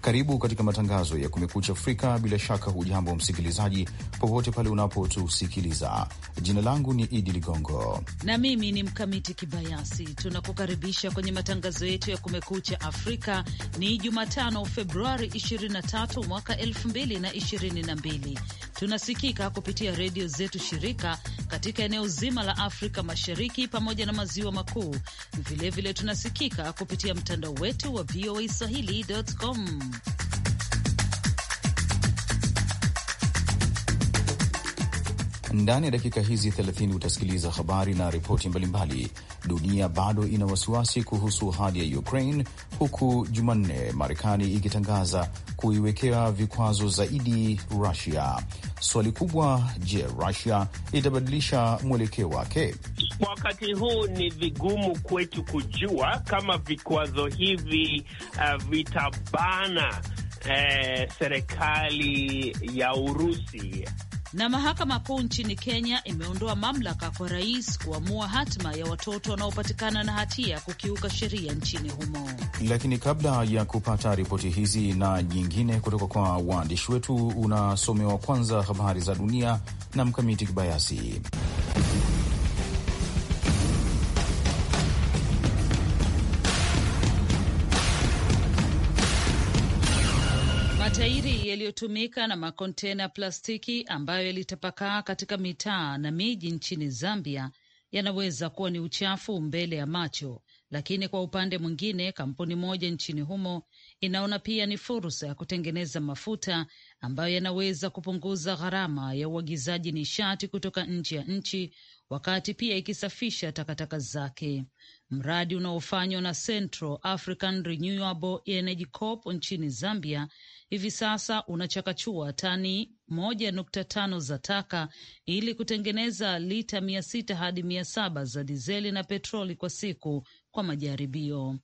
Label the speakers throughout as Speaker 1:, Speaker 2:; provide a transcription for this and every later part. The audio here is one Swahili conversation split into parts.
Speaker 1: Karibu katika matangazo ya Kumekucha Afrika. Bila shaka hujambo msikilizaji, popote pale unapotusikiliza. Jina langu ni Idi Ligongo
Speaker 2: na mimi ni Mkamiti Kibayasi. Tunakukaribisha kwenye matangazo yetu ya Kumekucha Afrika. Ni Jumatano, Februari 23 mwaka 2022. Tunasikika kupitia redio zetu shirika katika eneo zima la Afrika Mashariki pamoja na maziwa makuu. Vilevile tunasikika kupitia mtandao wetu wa voa swahili.com.
Speaker 1: Ndani ya dakika hizi 30 utasikiliza habari na ripoti mbalimbali. Dunia bado ina wasiwasi kuhusu hali ya Ukraine, huku Jumanne Marekani ikitangaza kuiwekea vikwazo zaidi Rusia. Swali kubwa, je, Rusia itabadilisha mwelekeo wake?
Speaker 3: Kwa wakati huu ni vigumu kwetu kujua kama vikwazo hivi uh, vitabana uh, serikali ya Urusi
Speaker 2: na mahakama kuu nchini Kenya imeondoa mamlaka kwa rais kuamua hatima ya watoto wanaopatikana na hatia kukiuka sheria nchini humo.
Speaker 1: Lakini kabla ya kupata ripoti hizi na nyingine kutoka kwa waandishi wetu, unasomewa kwanza habari za dunia na Mkamiti Kibayasi.
Speaker 2: Matairi yaliyotumika na makontena plastiki ambayo yalitapakaa katika mitaa na miji nchini Zambia yanaweza kuwa ni uchafu mbele ya macho, lakini kwa upande mwingine, kampuni moja nchini humo inaona pia ni fursa ya kutengeneza mafuta ambayo yanaweza kupunguza gharama ya uagizaji nishati kutoka nje ya nchi, wakati pia ikisafisha takataka zake. Mradi unaofanywa na Central African Renewable Energy Corp nchini Zambia hivi sasa unachakachua tani moja nukta tano za taka ili kutengeneza lita mia sita hadi mia saba za dizeli na petroli kwa siku kwa majaribio.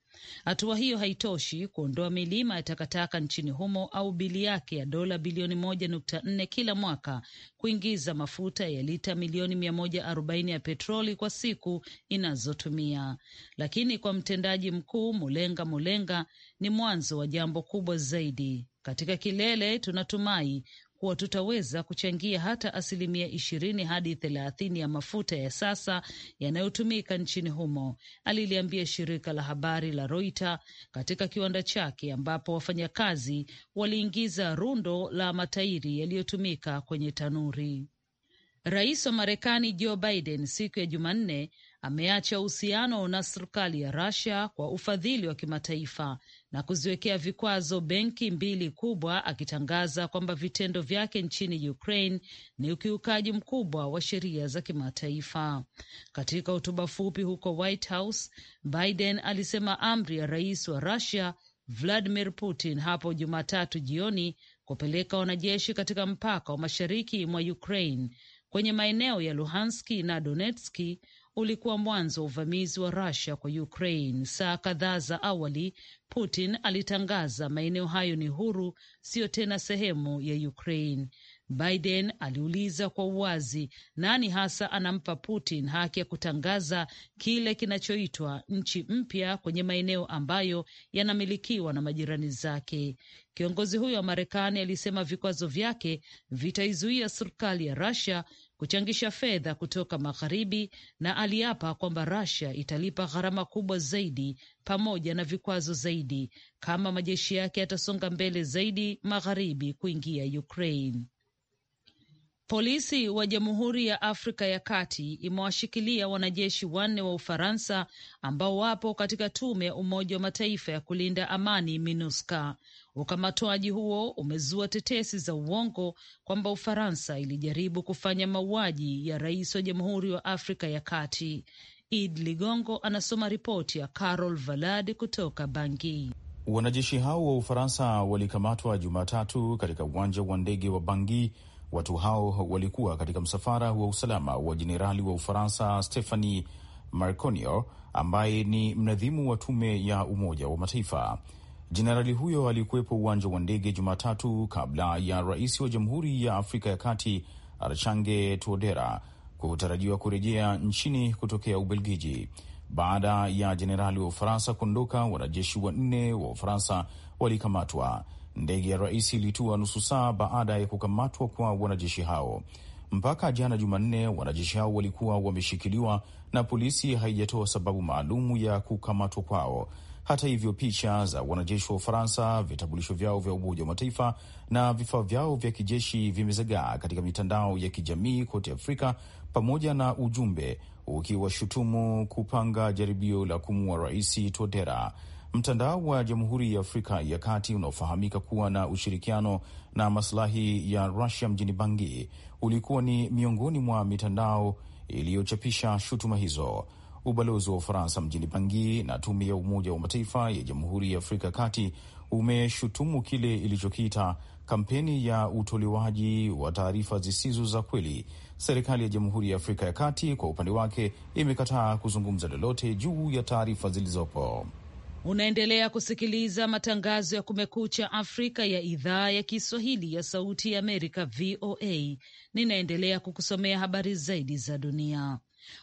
Speaker 2: Hatua hiyo haitoshi kuondoa milima ya takataka nchini humo au bili yake ya dola bilioni moja nukta nne kila mwaka kuingiza mafuta ya lita milioni mia moja arobaini ya petroli kwa siku inazotumia. Lakini kwa mtendaji mkuu Mulenga Mulenga, ni mwanzo wa jambo kubwa zaidi katika kilele tunatumai kuwa tutaweza kuchangia hata asilimia ishirini hadi thelathini ya mafuta ya sasa yanayotumika nchini humo, aliliambia shirika la habari la Reuters katika kiwanda chake ambapo wafanyakazi waliingiza rundo la matairi yaliyotumika kwenye tanuri. Rais wa Marekani Joe Biden siku ya Jumanne ameacha uhusiano na serikali ya Russia kwa ufadhili wa kimataifa na kuziwekea vikwazo benki mbili kubwa, akitangaza kwamba vitendo vyake nchini Ukraine ni ukiukaji mkubwa wa sheria za kimataifa. Katika hotuba fupi huko White House, Biden alisema amri ya rais wa Russia Vladimir Putin hapo Jumatatu jioni kupeleka wanajeshi katika mpaka wa mashariki mwa Ukraine kwenye maeneo ya Luhanski na Donetski ulikuwa mwanzo wa uvamizi wa rasia kwa Ukraine. Saa kadhaa za awali, Putin alitangaza maeneo hayo ni huru, siyo tena sehemu ya Ukraine. Biden aliuliza kwa uwazi, nani hasa anampa Putin haki ya kutangaza kile kinachoitwa nchi mpya kwenye maeneo ambayo yanamilikiwa na majirani zake. Kiongozi huyo wa Marekani alisema vikwazo vyake vitaizuia serikali ya Russia kuchangisha fedha kutoka magharibi na aliapa kwamba Russia italipa gharama kubwa zaidi pamoja na vikwazo zaidi kama majeshi yake yatasonga mbele zaidi magharibi kuingia Ukraine. Polisi wa Jamhuri ya Afrika ya Kati imewashikilia wanajeshi wanne wa Ufaransa ambao wapo katika tume ya Umoja wa Mataifa ya kulinda amani MINUSCA. Ukamatoaji huo umezua tetesi za uongo kwamba Ufaransa ilijaribu kufanya mauaji ya rais wa Jamhuri wa Afrika ya Kati. Id Ligongo anasoma ripoti ya Carol Valad kutoka Bangi.
Speaker 1: Wanajeshi hao wa Ufaransa walikamatwa Jumatatu katika uwanja wa ndege wa Bangi Watu hao walikuwa katika msafara wa usalama wa jenerali wa Ufaransa stehani Marconio ambaye ni mnadhimu wa tume ya Umoja wa Mataifa. Jenerali huyo alikuwepo uwanja wa ndege Jumatatu kabla ya rais wa Jamhuri ya Afrika ya Kati Archange Touadera kutarajiwa kurejea nchini kutokea Ubelgiji. Baada ya jenerali wa Ufaransa kuondoka, wanajeshi wanne wa Ufaransa walikamatwa. Ndege ya rais ilitua nusu saa baada ya kukamatwa kwa wanajeshi hao. Mpaka jana Jumanne, wanajeshi hao walikuwa wameshikiliwa na polisi haijatoa sababu maalum ya kukamatwa kwao. Hata hivyo, picha za wanajeshi wa Ufaransa, vitambulisho vyao vya Umoja wa Mataifa na vifaa vyao vya kijeshi vimezagaa katika mitandao ya kijamii kote Afrika, pamoja na ujumbe ukiwashutumu kupanga jaribio la kumua Rais todera Mtandao wa Jamhuri ya Afrika ya Kati unaofahamika kuwa na ushirikiano na maslahi ya Rusia mjini bangi ulikuwa ni miongoni mwa mitandao iliyochapisha shutuma hizo. Ubalozi wa Ufaransa mjini Bangi na tume ya Umoja wa Mataifa ya Jamhuri ya Afrika ya Kati umeshutumu kile ilichokiita kampeni ya utolewaji wa taarifa zisizo za kweli. Serikali ya Jamhuri ya Afrika ya Kati kwa upande wake imekataa kuzungumza lolote juu ya taarifa zilizopo.
Speaker 2: Unaendelea kusikiliza matangazo ya Kumekucha Afrika ya idhaa ya Kiswahili ya Sauti ya Amerika, VOA. Ninaendelea kukusomea habari zaidi za dunia.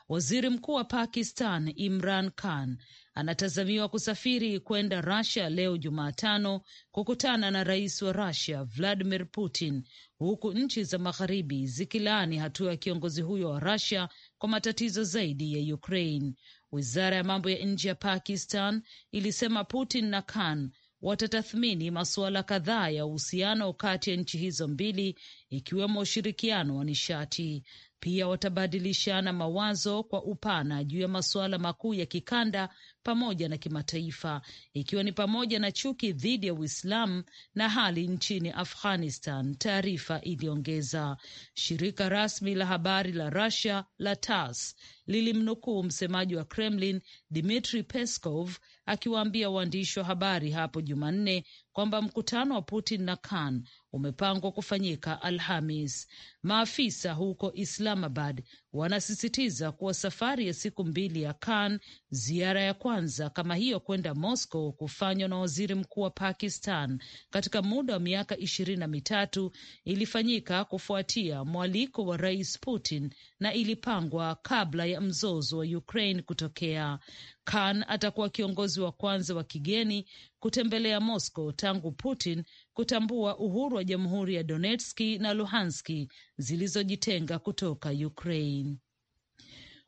Speaker 2: Waziri Mkuu wa Pakistan Imran Khan anatazamiwa kusafiri kwenda rasia leo Jumatano kukutana na rais wa rasia Vladimir Putin, huku nchi za magharibi zikilaani hatua ya kiongozi huyo wa rasia kwa matatizo zaidi ya Ukraine. Wizara ya mambo ya nje ya Pakistan ilisema Putin na Khan watatathmini masuala kadhaa ya uhusiano kati ya nchi hizo mbili ikiwemo ushirikiano wa nishati. Pia watabadilishana mawazo kwa upana juu ya masuala makuu ya kikanda pamoja na kimataifa, ikiwa ni pamoja na chuki dhidi ya Uislamu na hali nchini Afghanistan, taarifa iliongeza. Shirika rasmi la habari la Russia la TASS lilimnukuu msemaji wa Kremlin Dmitri Peskov akiwaambia waandishi wa habari hapo Jumanne kwamba mkutano wa Putin na Khan umepangwa kufanyika Alhamis. Maafisa huko Islamabad wanasisitiza kuwa safari ya siku mbili ya Khan, ziara ya kwanza kama hiyo kwenda Moscow kufanywa na waziri mkuu wa Pakistan katika muda wa miaka ishirini na mitatu ilifanyika kufuatia mwaliko wa Rais Putin na ilipangwa kabla ya mzozo wa Ukraine kutokea. Khan atakuwa kiongozi wa kwanza wa kigeni kutembelea Moscow tangu Putin kutambua uhuru wa jamhuri ya Donetski na Luhanski zilizojitenga kutoka Ukraine.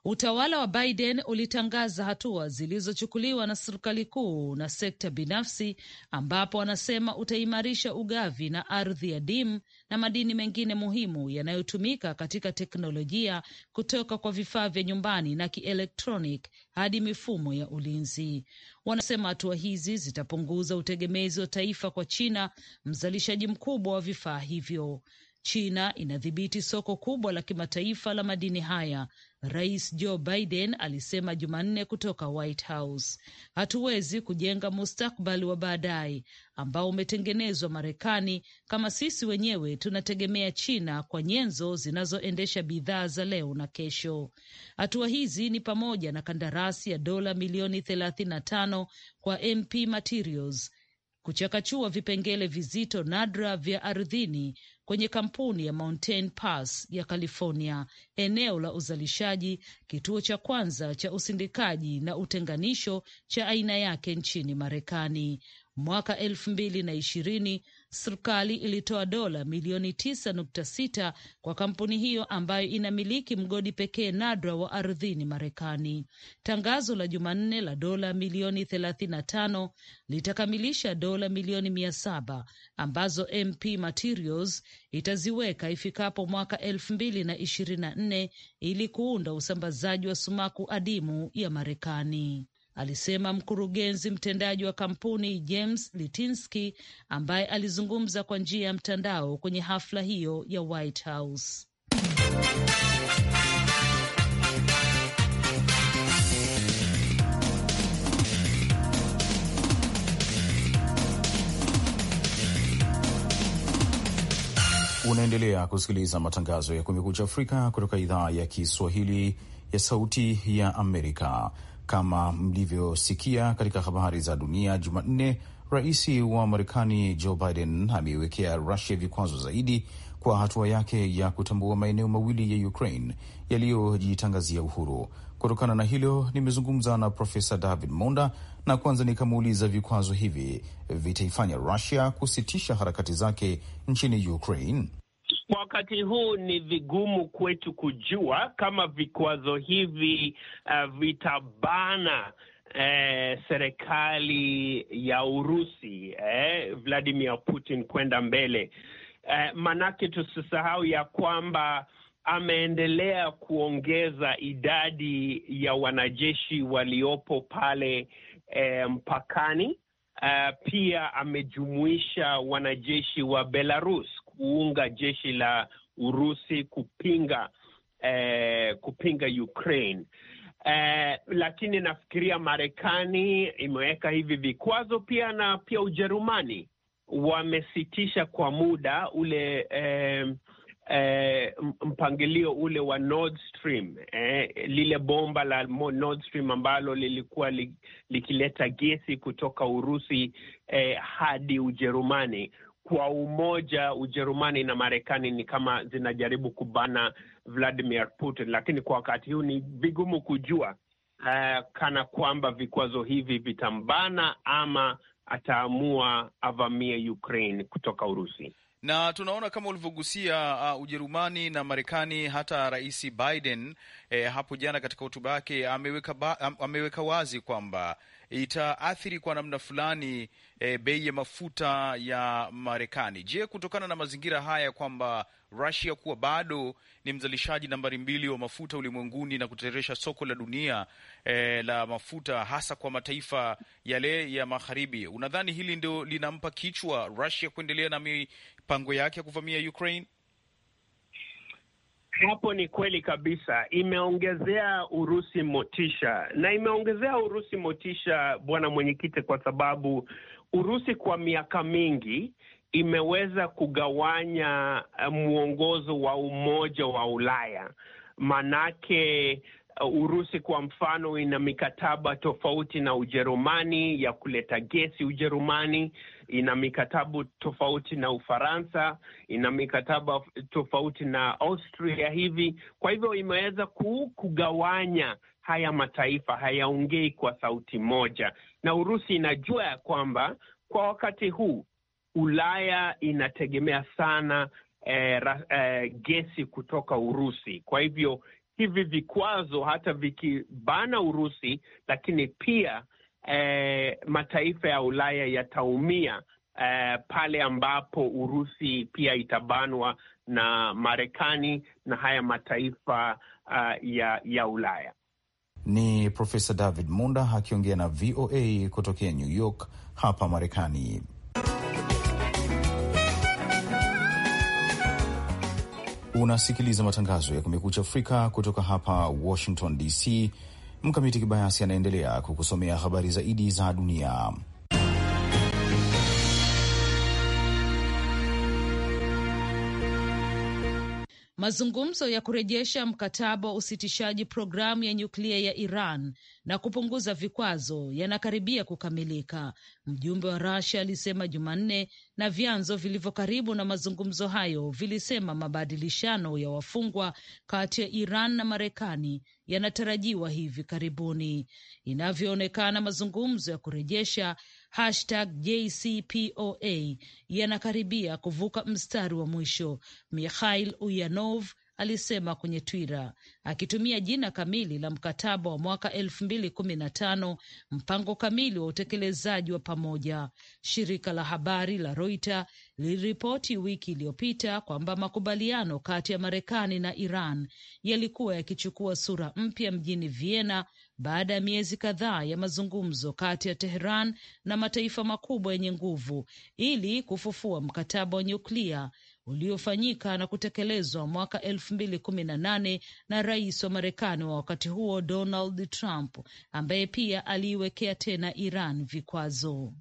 Speaker 2: Utawala wa Biden ulitangaza hatua zilizochukuliwa na serikali kuu na sekta binafsi, ambapo anasema utaimarisha ugavi na ardhi ya dimu na madini mengine muhimu yanayotumika katika teknolojia kutoka kwa vifaa vya nyumbani na kielektronic hadi mifumo ya ulinzi. Wanasema hatua hizi zitapunguza utegemezi wa taifa kwa China, mzalishaji mkubwa wa vifaa hivyo. China inadhibiti soko kubwa la kimataifa la madini haya, Rais Joe Biden alisema Jumanne kutoka White House. Hatuwezi kujenga mustakbali wa baadaye ambao umetengenezwa Marekani kama sisi wenyewe tunategemea China kwa nyenzo zinazoendesha bidhaa za leo na kesho. Hatua hizi ni pamoja na kandarasi ya dola milioni 35 kwa MP Materials kuchakachua vipengele vizito nadra vya ardhini kwenye kampuni ya Mountain Pass ya California, eneo la uzalishaji, kituo cha kwanza cha usindikaji na utenganisho cha aina yake nchini Marekani. Mwaka elfu mbili na ishirini serikali ilitoa dola milioni 9.6 kwa kampuni hiyo ambayo inamiliki mgodi pekee nadra wa ardhini Marekani. Tangazo la Jumanne la dola milioni 35 litakamilisha dola milioni 700 ambazo MP Materials itaziweka ifikapo mwaka 2024 ili kuunda usambazaji wa sumaku adimu ya Marekani alisema mkurugenzi mtendaji wa kampuni James Litinski ambaye alizungumza kwa njia ya mtandao kwenye hafla hiyo ya White House.
Speaker 1: Unaendelea kusikiliza matangazo ya Kumekucha Afrika kutoka idhaa ya Kiswahili ya Sauti ya Amerika. Kama mlivyosikia katika habari za dunia Jumanne, rais wa Marekani Joe Biden ameiwekea Rusia vikwazo zaidi kwa hatua yake ya kutambua maeneo mawili ya Ukraine yaliyojitangazia uhuru. Kutokana na hilo, nimezungumza na Profesa David Monda na kwanza nikamuuliza vikwazo hivi vitaifanya Rusia kusitisha harakati zake nchini Ukraine?
Speaker 3: Kwa wakati huu ni vigumu kwetu kujua kama vikwazo hivi uh, vitabana Eh, serikali ya Urusi eh, Vladimir Putin kwenda mbele eh, manake tusisahau ya kwamba ameendelea kuongeza idadi ya wanajeshi waliopo pale eh, mpakani. Uh, pia amejumuisha wanajeshi wa Belarus kuunga jeshi la Urusi kupinga eh, kupinga Ukraine. Eh, lakini nafikiria Marekani imeweka hivi vikwazo pia na pia Ujerumani wamesitisha kwa muda ule eh, eh, mpangilio ule wa Nord Stream eh, lile bomba la Nord Stream ambalo lilikuwa likileta gesi kutoka Urusi eh, hadi Ujerumani kwa umoja Ujerumani na Marekani ni kama zinajaribu kubana Vladimir Putin, lakini kwa wakati huu ni vigumu kujua uh, kana kwamba vikwazo hivi vitambana ama ataamua avamie Ukraine kutoka Urusi
Speaker 1: na tunaona kama ulivyogusia uh, Ujerumani na Marekani. Hata Rais Biden eh, hapo jana katika hotuba yake ameweka, ameweka wazi kwamba itaathiri kwa namna fulani e, bei ya mafuta ya Marekani. Je, kutokana na mazingira haya kwamba Russia kuwa bado ni mzalishaji nambari mbili wa mafuta ulimwenguni na kuteteresha soko la dunia e, la mafuta hasa kwa mataifa yale ya magharibi, unadhani hili ndio linampa kichwa Russia kuendelea na
Speaker 3: mipango yake ya kuvamia Ukraine? Hapo ni kweli kabisa, imeongezea Urusi motisha na imeongezea Urusi motisha, bwana mwenyekiti, kwa sababu Urusi kwa miaka mingi imeweza kugawanya eh, mwongozo wa Umoja wa Ulaya. Manake eh, Urusi kwa mfano ina mikataba tofauti na Ujerumani ya kuleta gesi Ujerumani ina mikatabu tofauti na Ufaransa, ina mikataba tofauti na Austria hivi. Kwa hivyo imeweza kugawanya haya mataifa, hayaongei kwa sauti moja, na Urusi inajua ya kwamba kwa wakati huu Ulaya inategemea sana eh, eh, gesi kutoka Urusi. Kwa hivyo hivi vikwazo hata vikibana Urusi, lakini pia eh, mataifa ya Ulaya yataumia eh, pale ambapo Urusi pia itabanwa na Marekani na haya mataifa uh, ya, ya Ulaya.
Speaker 1: Ni Profesa David Munda akiongea na VOA kutokea New York hapa Marekani. Unasikiliza matangazo ya Kumekucha Afrika kutoka hapa Washington DC. Mkamiti Kibayasi anaendelea kukusomea habari zaidi za dunia.
Speaker 2: mazungumzo ya kurejesha mkataba wa usitishaji programu ya nyuklia ya Iran na kupunguza vikwazo yanakaribia kukamilika, mjumbe wa rasia alisema Jumanne, na vyanzo vilivyo karibu na mazungumzo hayo vilisema mabadilishano ya wafungwa kati ya Iran na Marekani yanatarajiwa hivi karibuni. Inavyoonekana, mazungumzo ya kurejesha hashtag JCPOA yanakaribia kuvuka mstari wa mwisho, Mikhail Uyanov alisema kwenye Twitter akitumia jina kamili la mkataba wa mwaka elfu mbili kumi na tano mpango kamili wa utekelezaji wa pamoja. Shirika la habari la Reuters liliripoti wiki iliyopita kwamba makubaliano kati ya Marekani na Iran yalikuwa yakichukua sura mpya mjini Vienna baada ya miezi kadhaa ya mazungumzo kati ya Tehran na mataifa makubwa yenye nguvu ili kufufua mkataba wa nyuklia uliofanyika na kutekelezwa mwaka elfu mbili kumi na nane na rais wa Marekani wa wakati huo Donald Trump, ambaye pia aliiwekea tena Iran vikwazo.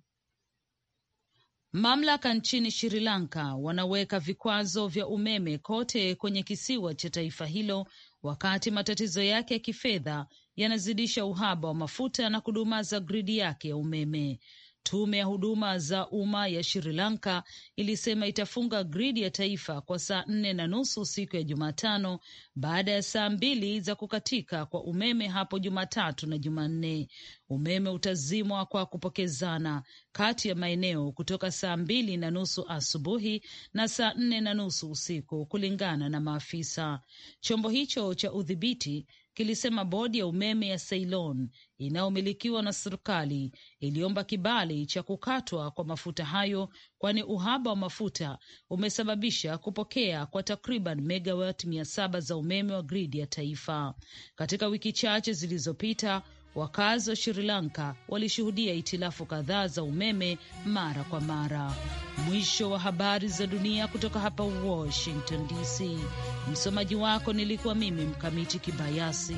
Speaker 2: Mamlaka nchini Sri Lanka wanaweka vikwazo vya umeme kote kwenye kisiwa cha taifa hilo wakati matatizo yake ya kifedha yanazidisha uhaba wa mafuta na kudumaza gridi yake ya umeme. Tume ya huduma za umma ya Sri Lanka ilisema itafunga gridi ya taifa kwa saa nne na nusu siku ya Jumatano baada ya saa mbili za kukatika kwa umeme hapo Jumatatu na Jumanne. Umeme utazimwa kwa kupokezana kati ya maeneo kutoka saa mbili na nusu asubuhi na saa nne na nusu usiku, kulingana na maafisa. Chombo hicho cha udhibiti kilisema bodi ya umeme ya Ceylon inayomilikiwa na serikali iliomba kibali cha kukatwa kwa mafuta hayo, kwani uhaba wa mafuta umesababisha kupokea kwa takriban megawat mia saba za umeme wa gridi ya taifa. Katika wiki chache zilizopita, wakazi wa Sri Lanka walishuhudia itilafu kadhaa za umeme mara kwa mara. Mwisho wa habari za dunia kutoka hapa Washington DC. Msomaji wako nilikuwa mimi Mkamiti Kibayasi.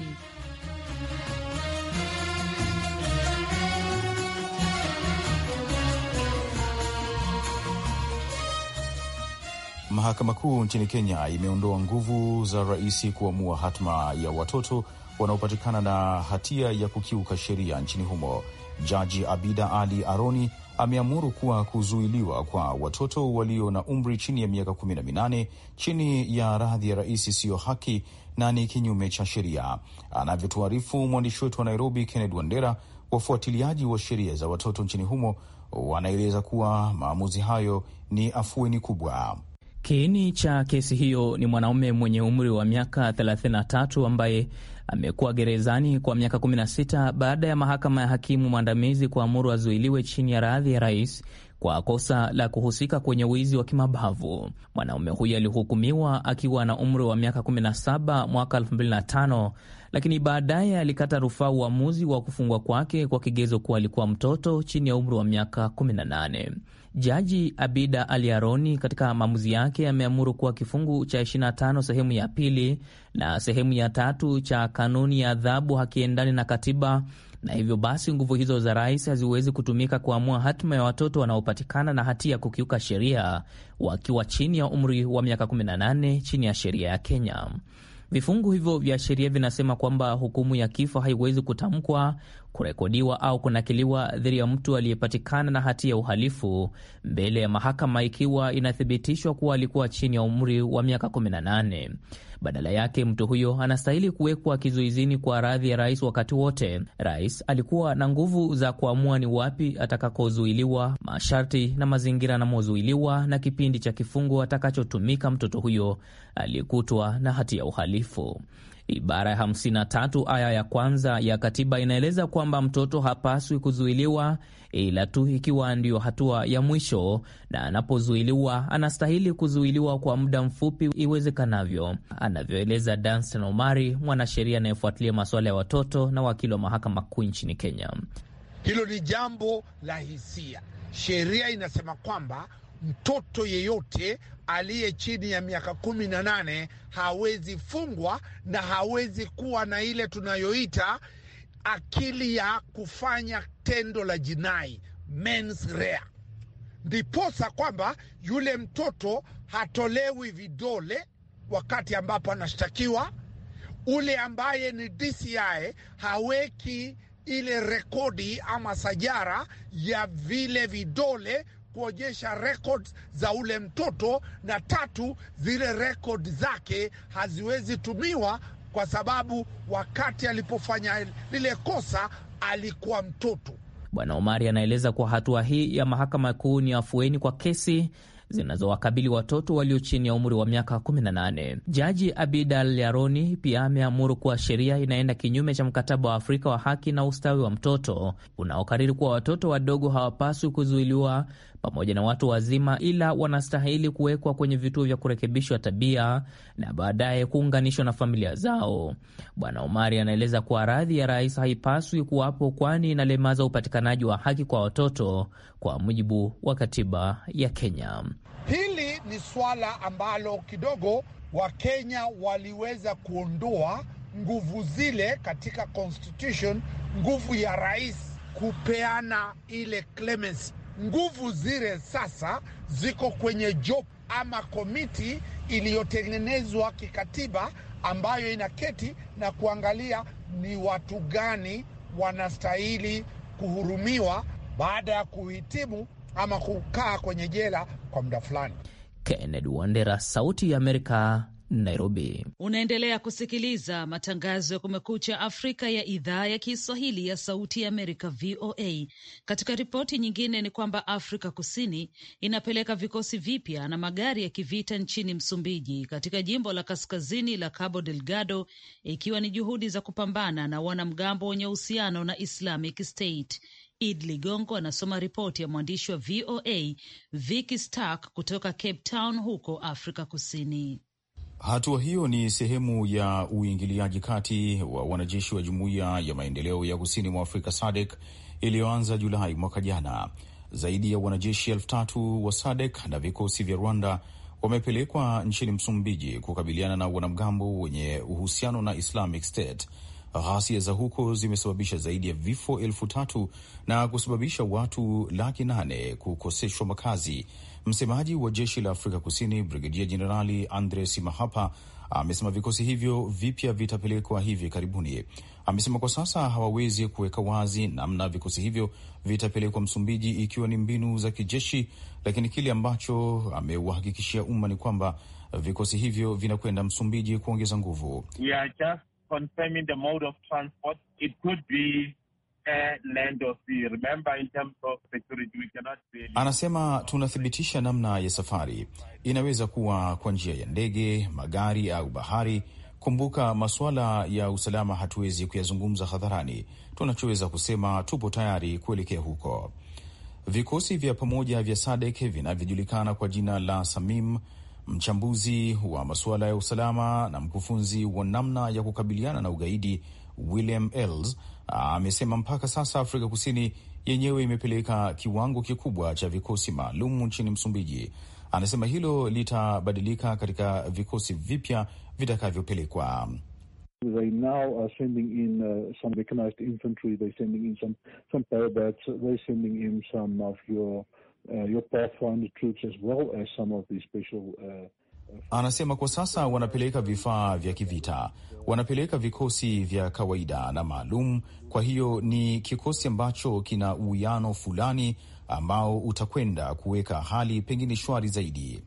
Speaker 1: Mahakama Kuu nchini Kenya imeondoa nguvu za rais kuamua hatma ya watoto wanaopatikana na hatia ya kukiuka sheria nchini humo. Jaji Abida Ali Aroni ameamuru kuwa kuzuiliwa kwa watoto walio na umri chini ya miaka kumi na minane chini ya radhi ya rais siyo haki na ni kinyume cha sheria, anavyotuarifu mwandishi wetu wa Nairobi, Kenneth Wandera. Wafuatiliaji wa sheria za watoto nchini humo wanaeleza kuwa maamuzi hayo ni afueni kubwa.
Speaker 4: Kiini cha kesi hiyo ni mwanaume mwenye umri wa miaka 33 ambaye amekuwa gerezani kwa miaka 16 baada ya mahakama ya hakimu mwandamizi kuamuru azuiliwe chini ya radhi ya rais kwa kosa la kuhusika kwenye wizi wa kimabavu. Mwanaume huyo alihukumiwa akiwa na umri wa miaka 17 mwaka 2005, lakini baadaye alikata rufaa uamuzi wa kufungwa kwake kwa kigezo kuwa alikuwa mtoto chini ya umri wa miaka 18. Jaji Abida Ali Aroni katika maamuzi yake ameamuru kuwa kifungu cha 25 sehemu ya pili na sehemu ya tatu cha kanuni ya adhabu hakiendani na katiba na hivyo basi nguvu hizo za rais haziwezi kutumika kuamua hatima ya watoto wanaopatikana na hatia ya kukiuka sheria wakiwa chini ya umri wa miaka 18 chini ya sheria ya Kenya. Vifungu hivyo vya sheria vinasema kwamba hukumu ya kifo haiwezi kutamkwa, kurekodiwa au kunakiliwa dhidi ya mtu aliyepatikana na hatia ya uhalifu mbele ya mahakama ikiwa inathibitishwa kuwa alikuwa chini ya umri wa miaka 18. Badala yake mtu huyo anastahili kuwekwa kizuizini kwa radhi ya rais wakati wote. Rais alikuwa na nguvu za kuamua ni wapi atakakozuiliwa, masharti na mazingira anamozuiliwa, na kipindi cha kifungo atakachotumika mtoto huyo aliyekutwa na hati ya uhalifu. Ibara ya 53 aya ya kwanza ya katiba inaeleza kwamba mtoto hapaswi kuzuiliwa ila tu ikiwa ndiyo hatua ya mwisho, na anapozuiliwa anastahili kuzuiliwa kwa muda mfupi iwezekanavyo, anavyoeleza Danson Omari, mwanasheria anayefuatilia masuala ya watoto na wakili wa mahakama kuu nchini Kenya.
Speaker 5: Hilo ni jambo la hisia. Sheria inasema kwamba mtoto yeyote aliye chini ya miaka kumi na nane hawezi fungwa na hawezi kuwa na ile tunayoita akili ya kufanya tendo la jinai mens rea, ndiposa kwamba yule mtoto hatolewi vidole wakati ambapo anashtakiwa. Ule ambaye ni DCI haweki ile rekodi ama sajara ya vile vidole kuonyesha records za ule mtoto, na tatu, zile records zake haziwezi tumiwa kwa sababu wakati alipofanya lile kosa alikuwa mtoto. Bwana
Speaker 4: Omari anaeleza kuwa hatua hii ya mahakama kuu ni afueni kwa kesi zinazowakabili watoto walio chini ya umri wa miaka 18. Jaji Abidal Yaroni pia ameamuru kuwa sheria inaenda kinyume cha mkataba wa Afrika wa haki na ustawi wa mtoto unaokariri kuwa watoto wadogo hawapaswi kuzuiliwa pamoja na watu wazima, ila wanastahili kuwekwa kwenye vituo vya kurekebishwa tabia na baadaye kuunganishwa na familia zao. Bwana Omari anaeleza kuwa radhi ya rais haipaswi kuwapo, kwani inalemaza upatikanaji wa haki kwa watoto kwa mujibu wa katiba ya Kenya.
Speaker 5: Hili ni swala ambalo kidogo Wakenya waliweza kuondoa nguvu zile katika constitution, nguvu ya rais kupeana ile clemency nguvu zile sasa ziko kwenye job ama komiti iliyotengenezwa kikatiba ambayo inaketi na kuangalia ni watu gani wanastahili kuhurumiwa baada ya kuhitimu ama kukaa kwenye jela kwa muda fulani.
Speaker 4: Kennedy Wandera, Sauti ya Amerika, Nairobi.
Speaker 2: Unaendelea kusikiliza matangazo ya Kumekucha Afrika ya idhaa ya Kiswahili ya Sauti ya Amerika, VOA. Katika ripoti nyingine ni kwamba Afrika Kusini inapeleka vikosi vipya na magari ya kivita nchini Msumbiji, katika jimbo la kaskazini la Cabo Delgado, ikiwa ni juhudi za kupambana na wanamgambo wenye uhusiano na Islamic State. Id Ligongo anasoma ripoti ya mwandishi wa VOA Vicky Stark kutoka Cape Town, huko Afrika Kusini.
Speaker 1: Hatua hiyo ni sehemu ya uingiliaji kati wa wanajeshi wa Jumuiya ya Maendeleo ya Kusini mwa Afrika SADC iliyoanza Julai mwaka jana. Zaidi ya wanajeshi elfu tatu wa SADC na vikosi vya Rwanda wamepelekwa nchini Msumbiji kukabiliana na wanamgambo wenye uhusiano na Islamic State Ghasia za huko zimesababisha zaidi ya vifo elfu tatu na kusababisha watu laki nane kukoseshwa makazi. Msemaji wa jeshi la Afrika Kusini, Brigedia Jenerali Andres Mahapa, amesema vikosi hivyo vipya vitapelekwa hivi karibuni. Amesema kwa sasa hawawezi kuweka wazi namna vikosi hivyo vitapelekwa Msumbiji, ikiwa ni mbinu za kijeshi, lakini kile ambacho amewahakikishia umma ni kwamba vikosi hivyo vinakwenda Msumbiji kuongeza nguvu
Speaker 3: yeah, confirming the mode of transport. It could be air, land or sea. Remember, in terms of security, we cannot really...
Speaker 1: Anasema tunathibitisha namna ya safari, inaweza kuwa kwa njia ya ndege, magari au bahari. Kumbuka, masuala ya usalama hatuwezi kuyazungumza hadharani. Tunachoweza kusema tupo tayari kuelekea huko. Vikosi vya pamoja vya SADEK vinavyojulikana kwa jina la SAMIM Mchambuzi wa masuala ya usalama na mkufunzi wa namna ya kukabiliana na ugaidi William Els amesema mpaka sasa Afrika Kusini yenyewe imepeleka kiwango kikubwa cha vikosi maalum nchini Msumbiji. Anasema hilo litabadilika katika vikosi vipya vitakavyopelekwa. Uh, your Pathfinder troops as well as some of the special uh, uh, Anasema kwa sasa wanapeleka vifaa vya kivita, wanapeleka vikosi vya kawaida na maalum. Kwa hiyo ni kikosi ambacho kina uwiano fulani ambao utakwenda kuweka hali pengine shwari zaidi.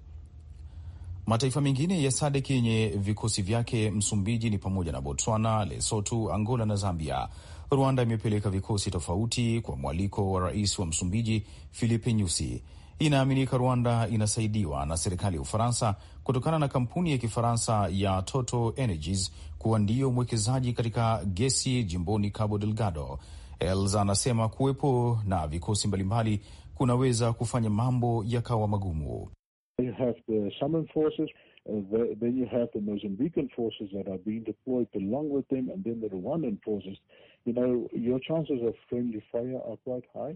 Speaker 1: Mataifa mengine ya SADC yenye vikosi vyake Msumbiji ni pamoja na Botswana, Lesotho, Angola na Zambia. Rwanda imepeleka vikosi tofauti kwa mwaliko wa rais wa Msumbiji Filipe Nyusi. Inaaminika Rwanda inasaidiwa na serikali ya Ufaransa kutokana na kampuni ya Kifaransa ya Total Energies kuwa ndiyo mwekezaji katika gesi jimboni Cabo Delgado. Elza anasema kuwepo na vikosi mbalimbali kunaweza kufanya mambo yakawa magumu. the, then you have the Mozambican forces that are being deployed along with them, and then the Rwandan forces you know, your chances of friendly fire are quite high.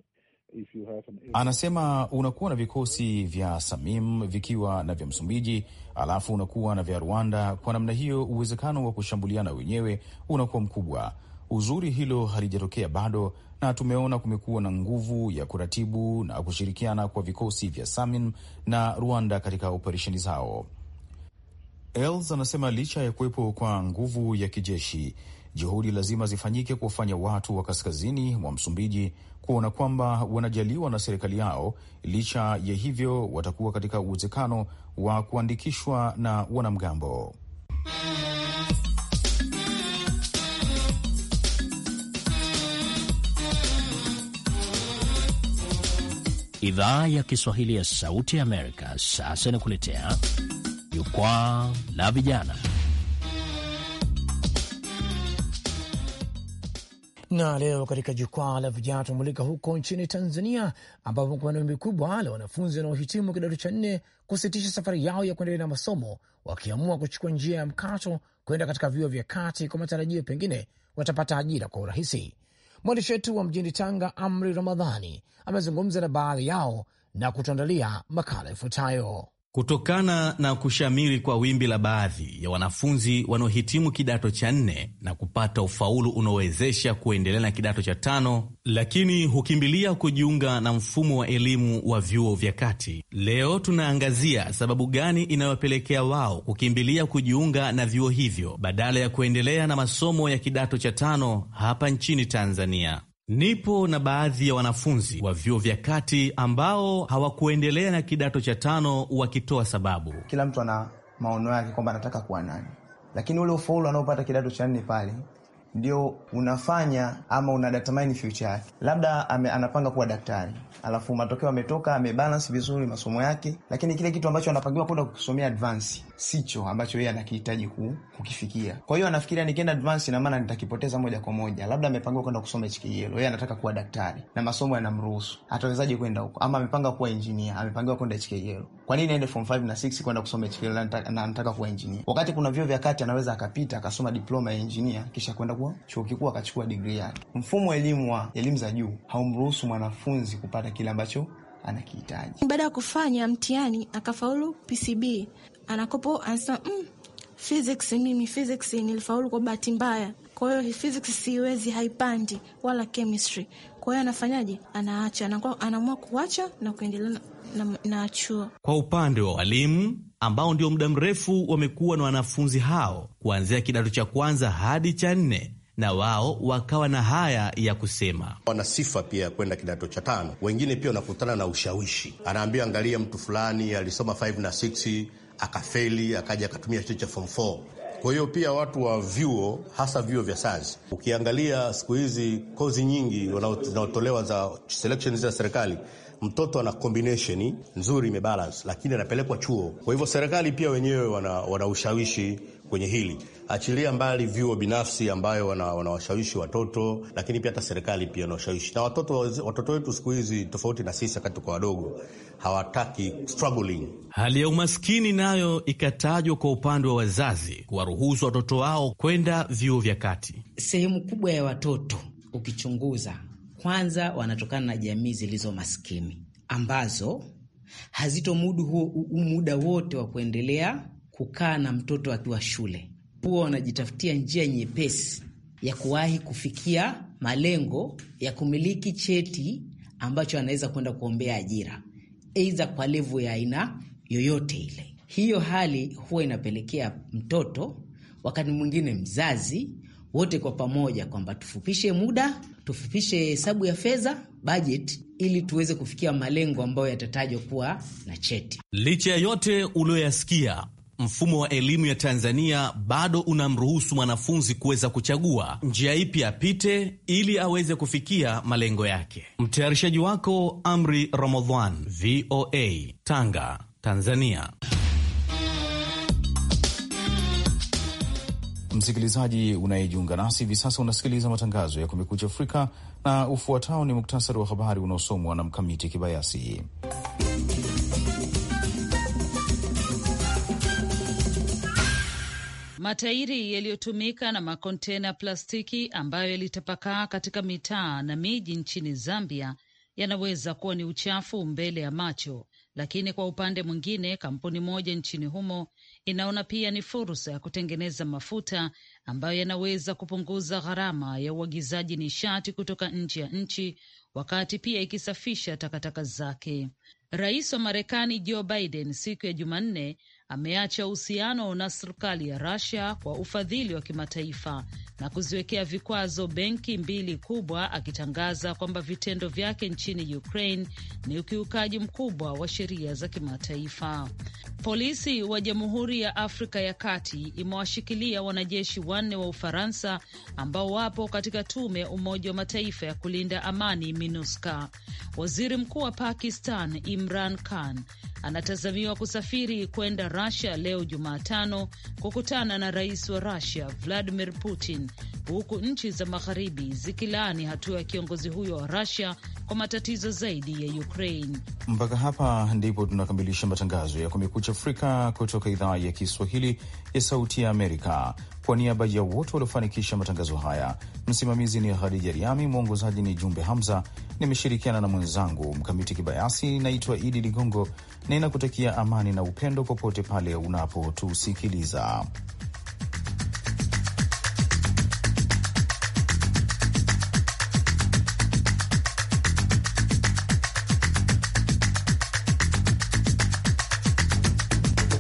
Speaker 1: Anasema unakuwa na vikosi vya Samim vikiwa na vya Msumbiji, alafu unakuwa na vya Rwanda. Kwa namna hiyo, uwezekano wa kushambuliana wenyewe unakuwa mkubwa. Uzuri hilo halijatokea bado, na tumeona kumekuwa na nguvu ya kuratibu na kushirikiana kwa vikosi vya Samim na Rwanda katika operesheni zao. Els anasema licha ya kuwepo kwa nguvu ya kijeshi Juhudi lazima zifanyike kuwafanya watu wa kaskazini mwa Msumbiji kuona kwamba wanajaliwa na serikali yao. Licha ya hivyo, watakuwa katika uwezekano wa kuandikishwa na wanamgambo.
Speaker 4: Idhaa ya Kiswahili ya Sauti ya Amerika sasa inakuletea jukwaa la vijana Na leo katika jukwaa la vijana tumulika huko nchini
Speaker 1: Tanzania, ambapo konambi kubwa la wanafunzi wanaohitimu kidato cha nne kusitisha safari yao ya kuendelea na masomo, wakiamua kuchukua njia ya mkato kwenda katika vyuo vya kati kwa matarajio pengine watapata ajira kwa urahisi. Mwandishi wetu wa mjini Tanga, Amri Ramadhani,
Speaker 5: amezungumza na baadhi yao na kutuandalia makala ifuatayo.
Speaker 6: Kutokana na kushamiri kwa wimbi la baadhi ya wanafunzi wanaohitimu kidato cha nne na kupata ufaulu unaowezesha kuendelea na kidato cha tano, lakini hukimbilia kujiunga na mfumo wa elimu wa vyuo vya kati. Leo tunaangazia sababu gani inayopelekea wao kukimbilia kujiunga na vyuo hivyo badala ya kuendelea na masomo ya kidato cha tano hapa nchini Tanzania. Nipo na baadhi ya wanafunzi wa vyuo vya kati ambao hawakuendelea na kidato cha tano wakitoa sababu.
Speaker 4: Kila mtu ana maono yake kwamba anataka kuwa nani, lakini ule ufaulu anaopata kidato cha nne pale ndio unafanya ama unadatamini future yake, labda ame, anapanga kuwa daktari, alafu matokeo ametoka amebalance vizuri masomo yake, lakini kile kitu ambacho anapangiwa kwenda kukisomea advance sicho ambacho yeye anakihitaji kukifikia. Kwa hiyo anafikiria nikienda advance, ina maana nitakipoteza moja kwa moja. Labda amepanga kwenda kusoma HKL, e yeye anataka kuwa daktari na masomo yanamruhusu, atawezaje kwenda huko? Ama amepanga kuwa engineer, amepangiwa kwenda HKL, e kwa nini aende form 5 na 6 kwenda kusoma HKL e na anataka kuwa engineer, wakati kuna vyuo vya kati anaweza akapita akasoma diploma ya engineer kisha kwenda kwa chuo kikuu akachukua degree yake. Mfumo wa elimu wa elimu za juu haumruhusu mwanafunzi kupata kile ambacho anakihitaji.
Speaker 2: Baada ya kufanya mtihani akafaulu PCB, anakopo anasema mm, physics mimi physics nilifaulu kwa bahati mbaya, kwa hiyo physics siwezi, haipandi wala chemistry. Kwa hiyo anafanyaje? Anaacha, anaamua kuacha na kuendelea na, na na chuo.
Speaker 6: Kwa upande wa walimu ambao ndio muda mrefu wamekuwa na wanafunzi hao kuanzia kidato cha kwanza hadi cha nne na wao wakawa na haya ya kusema. Wana sifa pia ya kwenda kidato cha tano. Wengine pia wanakutana na ushawishi, anaambia angalia, mtu fulani alisoma 5 na akafeli, akaja akatumia cheti cha form 4. Kwa hiyo pia watu wa vyuo, hasa vyuo vya sayansi, ukiangalia siku hizi kozi nyingi zinaotolewa za selection za serikali mtoto ana combination nzuri imebalance, lakini anapelekwa chuo. Kwa hivyo serikali pia wenyewe wana, wana ushawishi kwenye hili, achilia mbali vyuo binafsi ambayo wanawashawishi wana watoto, lakini pia hata serikali pia inawashawishi na watoto. Watoto wetu siku hizi, tofauti na sisi wakati kwa wadogo, hawataki struggling. Hali ya umaskini nayo ikatajwa kwa upande wa wazazi kuwaruhusu watoto wao kwenda vyuo vya
Speaker 4: kati. Sehemu kubwa ya watoto ukichunguza, kwanza wanatokana na jamii zilizo maskini ambazo hazitomudu huo muda wote wa kuendelea kukaa na mtoto akiwa shule, huwa wanajitafutia njia nyepesi ya kuwahi kufikia malengo ya kumiliki cheti ambacho anaweza kwenda kuombea ajira, aidha kwa levu ya aina yoyote ile. Hiyo hali huwa inapelekea mtoto, wakati mwingine mzazi, wote kwa pamoja kwamba tufupishe muda, tufupishe hesabu ya fedha budget, ili tuweze kufikia malengo ambayo yatatajwa kuwa na cheti.
Speaker 6: Licha ya yote uliyoyasikia, mfumo wa elimu ya Tanzania bado unamruhusu mwanafunzi kuweza kuchagua njia ipi apite ili aweze kufikia malengo yake. Mtayarishaji wako Amri Ramadhan, VOA Tanga, Tanzania. Msikilizaji unayejiunga
Speaker 1: nasi hivi sasa, unasikiliza matangazo ya Kumekucha Afrika, na ufuatao ni muktasari wa habari unaosomwa na Mkamiti Kibayasi.
Speaker 2: Matairi yaliyotumika na makontena plastiki ambayo yalitapakaa katika mitaa na miji nchini Zambia yanaweza kuwa ni uchafu mbele ya macho, lakini kwa upande mwingine, kampuni moja nchini humo inaona pia ni fursa ya kutengeneza mafuta ambayo yanaweza kupunguza gharama ya uagizaji nishati kutoka nje ya nchi, wakati pia ikisafisha takataka zake. Rais wa Marekani Joe Biden siku ya Jumanne ameacha uhusiano na serikali ya rasia kwa ufadhili wa kimataifa na kuziwekea vikwazo benki mbili kubwa, akitangaza kwamba vitendo vyake nchini Ukraine ni ukiukaji mkubwa wa sheria za kimataifa. Polisi wa Jamhuri ya Afrika ya Kati imewashikilia wanajeshi wanne wa Ufaransa ambao wapo katika tume ya Umoja wa Mataifa ya kulinda amani MINUSCA. Waziri mkuu wa Pakistan Imran Khan anatazamiwa kusafiri kwenda rasia leo Jumatano kukutana na rais wa rusia Vladimir Putin, huku nchi za magharibi zikilaani hatua ya kiongozi huyo wa rusia kwa matatizo zaidi ya Ukraine.
Speaker 1: Mpaka hapa ndipo tunakamilisha matangazo ya Kumekucha Afrika kutoka idhaa ya Kiswahili ya Sauti ya Amerika. Kwa niaba ya wote waliofanikisha matangazo haya, msimamizi ni Khadija Riami, mwongozaji ni Jumbe Hamza. Nimeshirikiana na mwenzangu Mkamiti Kibayasi. Naitwa Idi Ligongo na inakutakia amani na upendo popote pale unapotusikiliza.